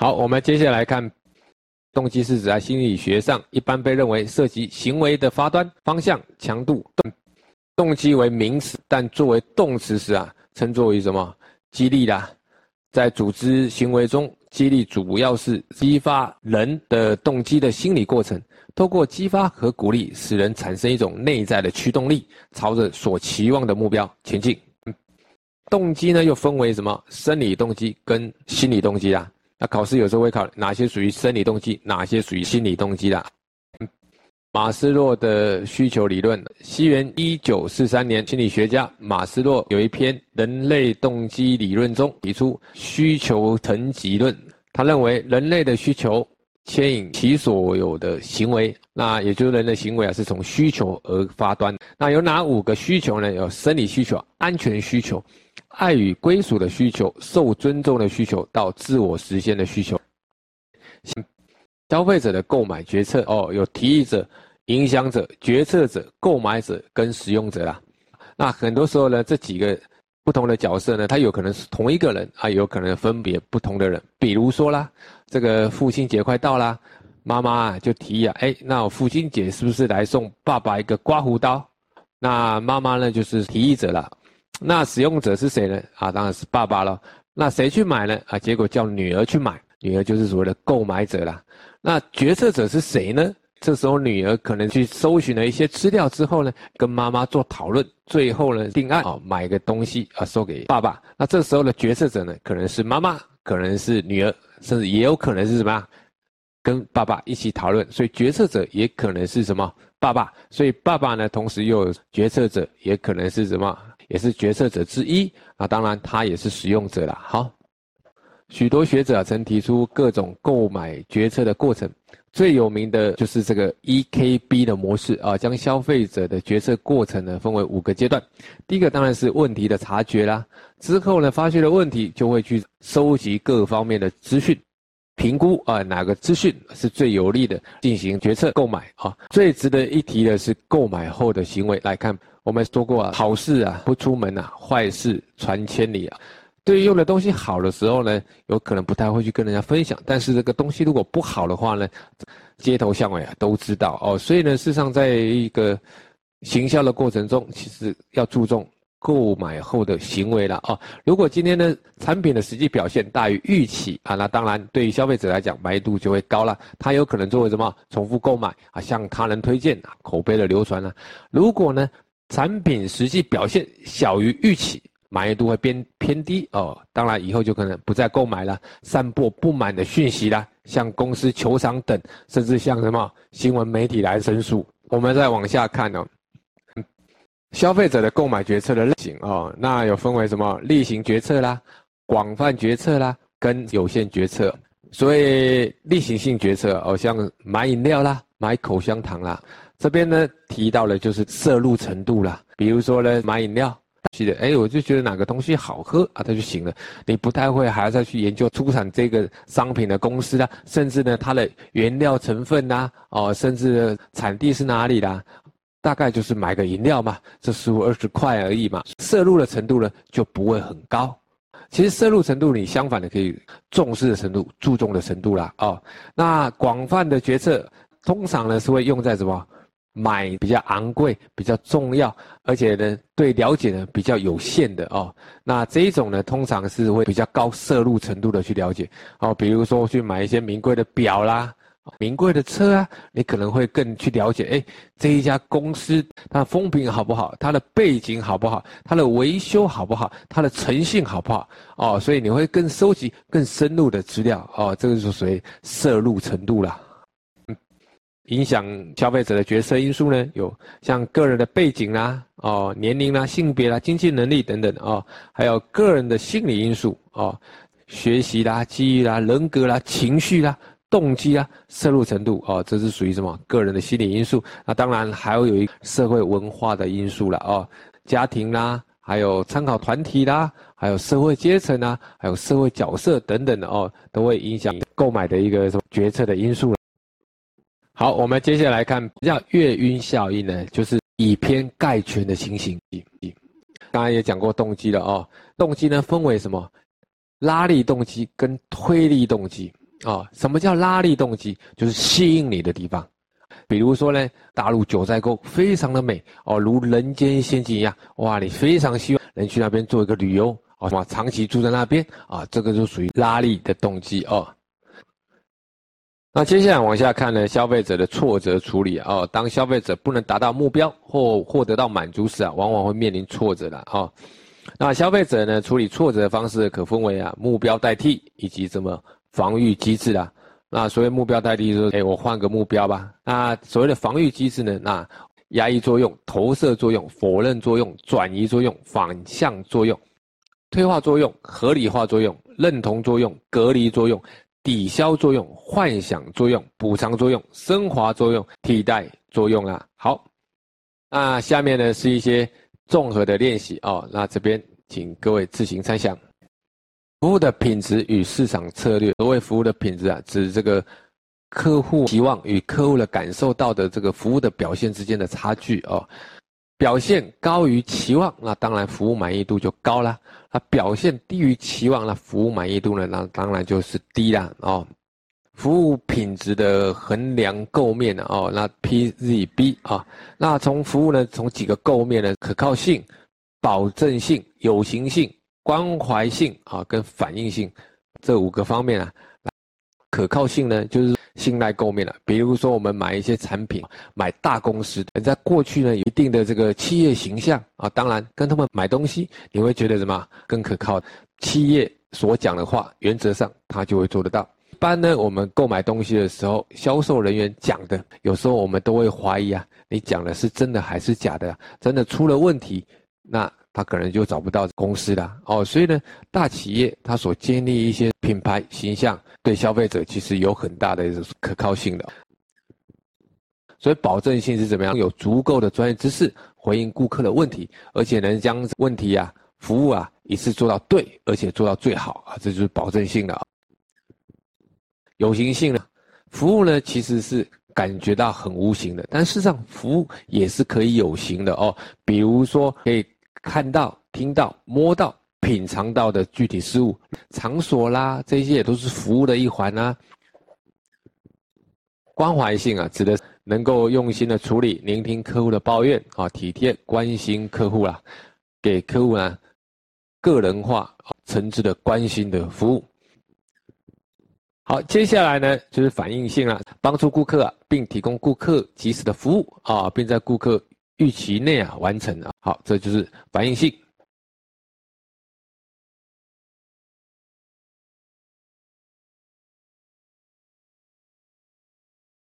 好，我們接下來看，動機是指在心理學上一般被認為涉及行為的發端、方向、強度。動動機為名詞，但作為動詞時啊，稱作為什麼激勵啦？在組織行為中，激勵主要是激發人的動機的心理過程，通過激發和鼓勵，使人產生一種內在的驅動力，朝着所期望的目標前進。動機呢，又分為什麼生理動機跟心理動機啊？那考試有時候會考哪些屬於生理動機，哪些屬於心理動機啦、啊嗯、馬斯洛的需求理論，西元一九四三年，心理學家馬斯洛有一篇《人類動機理論》中提出需求層級論。他認為人類的需求牽引其所有的行為，那也就是人的行為啊是從需求而發端。那有哪五個需求呢？有生理需求、安全需求。愛與歸屬的需求，受尊重的需求，到自我實現的需求。消費者的購買決策哦，有提議者、影響者、決策者、決策者、購買者跟使用者啊。那很多時候呢，這幾個不同的角色呢，它有可能是同一個人啊，有可能分別不同的人。比如說啦，這個父親節快到啦，媽媽就提議啊，哎，那我父親節是不是來送爸爸一個刮鬍刀？那媽媽呢，就是提議者了。那使用者是誰呢？啊，當然是爸爸了。那誰去買呢？啊，結果叫女兒去買，女兒就是所謂的購買者啦。那決策者是誰呢？這時候女兒可能去搜尋了一些資料之後呢，跟媽媽做討論，最後呢定案啊、哦，買一個東西啊送給爸爸。那這時候的決策者呢，可能是媽媽，可能是女兒，甚至也有可能是什麼？跟爸爸一起討論，所以決策者也可能是什麼？爸爸。所以爸爸呢，同時又有決策者，也可能是什麼？也是決策者之一啊，當然他也是使用者啦。好，許多學者曾提出各種購買決策的過程，最有名的就是這個 EKB 的模式啊，將消費者的決策過程呢分為五個階段。第一個當然是問題的察覺啦，之後呢發現了問題，就會去收集各方面的資訊，評估啊哪個資訊是最有利的，進行決策購買啊。最值得一提的是購買後的行為，來看。我們說過啊，好事啊不出門啊，壞事傳千里啊。對於用的東西好的時候呢，有可能不太會去跟人家分享；但是這個東西如果不好的話呢，街頭巷尾啊都知道哦。所以呢，事實上，在一個行銷的過程中，其實要注重購買後的行為了哦。如果今天呢，產品的實際表現大於預期啊，那當然對於消費者來講滿意度就會高了，他有可能作為什麼重複購買啊，向他人推薦啊，口碑的流傳啊，如果呢，產品實際表現小於預期，滿意度會偏低哦。當然，以後就可能不再購買了，散播不滿的訊息啦，向公司求償等，甚至向什麼新聞媒體來申訴。我們再往下看哦，消費者的購買決策的類型哦，那有分為什麼例行決策啦、廣泛決策啦跟有限決策。所以，例行性決策，哦，像買飲料啦、買口香糖啦。這邊呢，提到了就是涉入程度啦，比如說呢買飲料，誒，我就覺得哪個東西好喝啊，它就行了，你不太會還要再去研究出產這個商品的公司啦，甚至呢它的原料成分吶、啊、哦，甚至呢產地是哪裡啦，大概就是買個飲料嘛，這十五二十塊而已嘛，涉入的程度呢就不會很高。其實涉入程度你相反的可以重視的程度、注重的程度啦哦，那廣泛的決策通常呢是會用在什麼？買比較昂貴、比較重要，而且呢，對了解呢比較有限的哦。那這一種呢，通常是會比較高涉入程度的去了解哦。比如說去買一些名貴的錶啦、哦，名貴的車啊，你可能會更去了解，誒這一家公司，它的風評好不好？它的背景好不好？它的維修好不好？它的誠信好不好？哦，所以你會更收集更深入的資料哦。這個就是屬於涉入程度了。影響消費者的決策因素呢，有像個人的背景啦、啊、哦年齡啦、啊、性別啦、啊、經濟能力等等哦，還有個人的心理因素哦，學習啦、啊、記憶啦、啊、人格啦、啊、情緒啦、啊、動機啦、啊、涉入程度哦，這是屬於什麼個人的心理因素。那當然還有一個社會文化的因素了哦，家庭啦，還有參考團體啦，還有社會階層啊，還有社會角色等等的哦，都會影響購買的一個什麼決策的因素啦。好，我們接下來看，比較月暈效應呢，就是以偏概全的情形。當然也講過動機了哦，動機呢分為什麼？拉力動機跟推力動機啊、哦。什麼叫拉力動機？就是吸引你的地方，比如說呢，大陸九寨溝非常的美哦，如人間仙境一樣，哇，你非常希望能去那邊做一個旅遊，哦，什麼，長期住在那邊啊、哦，這個就屬於拉力的動機哦。那接下來往下看呢，消費者的挫折處理啊，哦，當消費者不能達到目標或獲得到滿足時啊，往往會面臨挫折了啊、哦。那消費者呢，處理挫折的方式可分為啊，目標代替以及什麼防禦機制啊。那所謂目標代替就是說，誒、欸、我換個目標吧。那所謂的防禦機制呢，那壓抑作用、投射作用、否認作用、轉移作用、反向作用、退化作用、合理化作用、認同作用、隔離作用。抵消作用、幻想作用、補償作用、昇華作用、替代作用啊，好，那下面呢是一些綜合的練習哦，那這邊請各位自行猜想。服務的品質與市場策略，所謂服務的品質啊，指這個客戶期望與客戶的感受到的這個服務的表現之間的差距哦。表現高於期望，那當然服務滿意度就高啦。那表現低於期望，那服務滿意度呢？那當然就是低啦。哦。服務品質的衡量構面的哦，那 PZB 啊、哦，那從服務呢，從幾個構面呢？可靠性、保證性、有形性、關懷性啊、哦，跟反應性這五個方面啊。可靠性呢，就是信賴購買了、啊。比如說，我們買一些產品，買大公司的，在過去呢，有一定的這個企業形象啊。當然，跟他們買東西，你會覺得什麼更可靠？企業所講的話，原則上他就會做得到。一般呢，我們購買東西的時候，銷售人員講的，有時候我們都會懷疑啊，你講的是真的還是假的？真的出了問題，那。他可能就找不到公司啦。哦，所以呢，大企業他所建立一些品牌形象，對消費者其實有很大的一種可靠性的哦。所以保證性是怎麼樣？有足夠的專業知識回應顧客的問題，而且能將問題啊、服務啊一次做到對，而且做到最好啊，這就是保證性的哦。有形性呢，服務呢其實是感覺到很無形的，但事實上服務也是可以有形的哦，比如說可以。看到、聽到、摸到、品嘗到的具體事物，場所啦，這些也都是服務的一環啦、啊。關懷性啊，指的是能夠用心的處理、聆聽客戶的抱怨啊、哦，體貼、關心客戶啦、啊，給客戶呢、啊、個人化、誠、哦、摯的關心的服務。好，接下來呢就是反應性啊，幫助顧客、啊、並提供顧客及時的服務啊、哦，並在顧客。預期內啊完成啊，好，這就是反應性。